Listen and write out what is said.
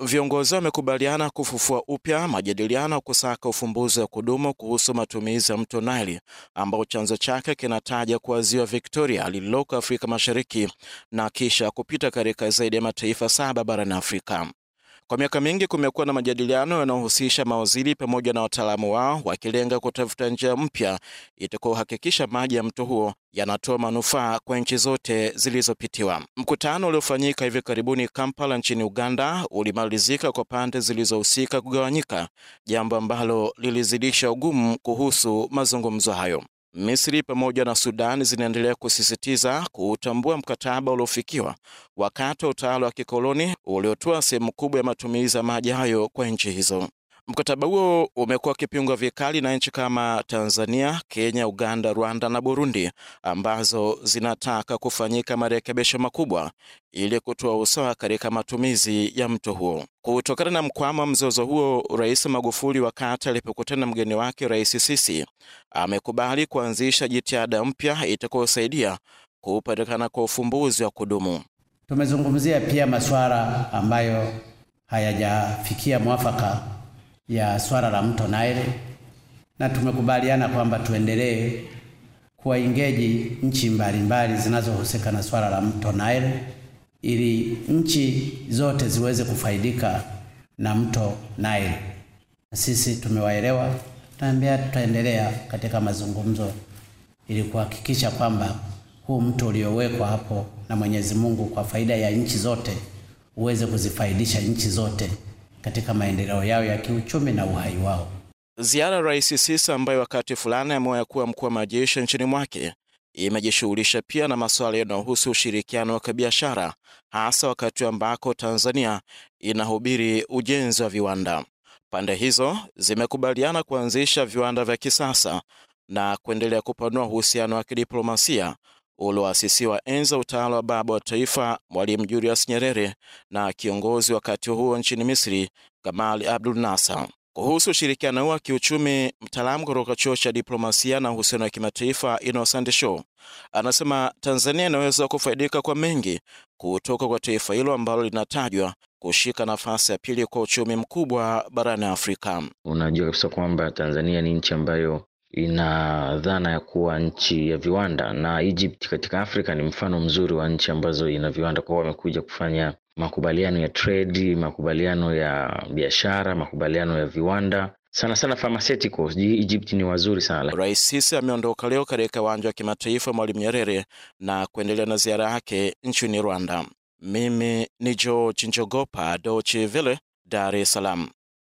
Viongozi wamekubaliana kufufua upya majadiliano kusaka ufumbuzi wa kudumu kuhusu matumizi ya mto Nile ambao chanzo chake kinataja kuwa ziwa Victoria lililoko Afrika Mashariki na kisha kupita katika zaidi ya mataifa saba barani Afrika. Kwa miaka mingi kumekuwa na majadiliano yanayohusisha mawaziri pamoja na wataalamu wao wakilenga kutafuta njia mpya itakayohakikisha maji ya mto huo yanatoa manufaa kwa nchi zote zilizopitiwa. Mkutano uliofanyika hivi karibuni Kampala nchini Uganda ulimalizika kwa pande zilizohusika kugawanyika, jambo ambalo lilizidisha ugumu kuhusu mazungumzo hayo. Misri pamoja na Sudan zinaendelea kusisitiza kuutambua mkataba uliofikiwa wakati wa utawala wa kikoloni uliotoa sehemu kubwa ya matumizi ya maji hayo kwa nchi hizo. Mkataba huo umekuwa ukipingwa vikali na nchi kama Tanzania, Kenya, Uganda, Rwanda na Burundi ambazo zinataka kufanyika marekebisho makubwa ili kutoa usawa katika matumizi ya mto huo. Kutokana na mkwamo wa mzozo huo, Rais Magufuli wakati alipokutana na mgeni wake Rais Sisi amekubali kuanzisha jitihada mpya itakayosaidia kupatikana kwa ufumbuzi wa kudumu. Tumezungumzia pia masuala ambayo hayajafikia mwafaka ya swala la mto Nile, na tumekubaliana kwamba tuendelee kuwaingeji nchi mbalimbali zinazohusika na swala la mto Nile ili nchi zote ziweze kufaidika na mto na Sisi tumewaelewa, tunaambia tutaendelea katika mazungumzo ili kuhakikisha kwamba huu mto uliowekwa hapo na Mwenyezi Mungu kwa faida ya nchi zote uweze kuzifaidisha nchi zote katika maendeleo yao ya kiuchumi na uhai wao. Ziara ya Rais sisa ambaye wakati fulani amewahi kuwa mkuu wa majeshi nchini mwake, imejishughulisha pia na masuala yanayohusu ushirikiano wa kibiashara, hasa wakati ambako Tanzania inahubiri ujenzi wa viwanda. Pande hizo zimekubaliana kuanzisha viwanda vya kisasa na kuendelea kupanua uhusiano wa kidiplomasia ulioasisiwa enza utawala wa baba wa taifa Mwalimu Julius Nyerere na kiongozi wakati huo nchini Misri Gamal Abdul Nasser. Kuhusu ushirikiano huo wa kiuchumi, mtaalamu kutoka chuo cha diplomasia na uhusiano wa kimataifa Innocent Show anasema Tanzania inaweza kufaidika kwa mengi kutoka kwa taifa hilo ambalo linatajwa kushika nafasi ya pili kwa uchumi mkubwa barani Afrika. Unajua kabisa kwamba Tanzania ni nchi ambayo ina dhana ya kuwa nchi ya viwanda, na Egypt katika Afrika ni mfano mzuri wa nchi ambazo ina viwanda. Kwa wamekuja kufanya makubaliano ya trade, makubaliano ya biashara, makubaliano ya viwanda sana sana pharmaceuticals. Egypt ni wazuri sana. Rais Sisi ameondoka leo katika uwanja wa kimataifa Mwalimu Nyerere na kuendelea na ziara yake nchini Rwanda. Mimi ni George Njogopa, Dochi Vile, Dar es Salaam.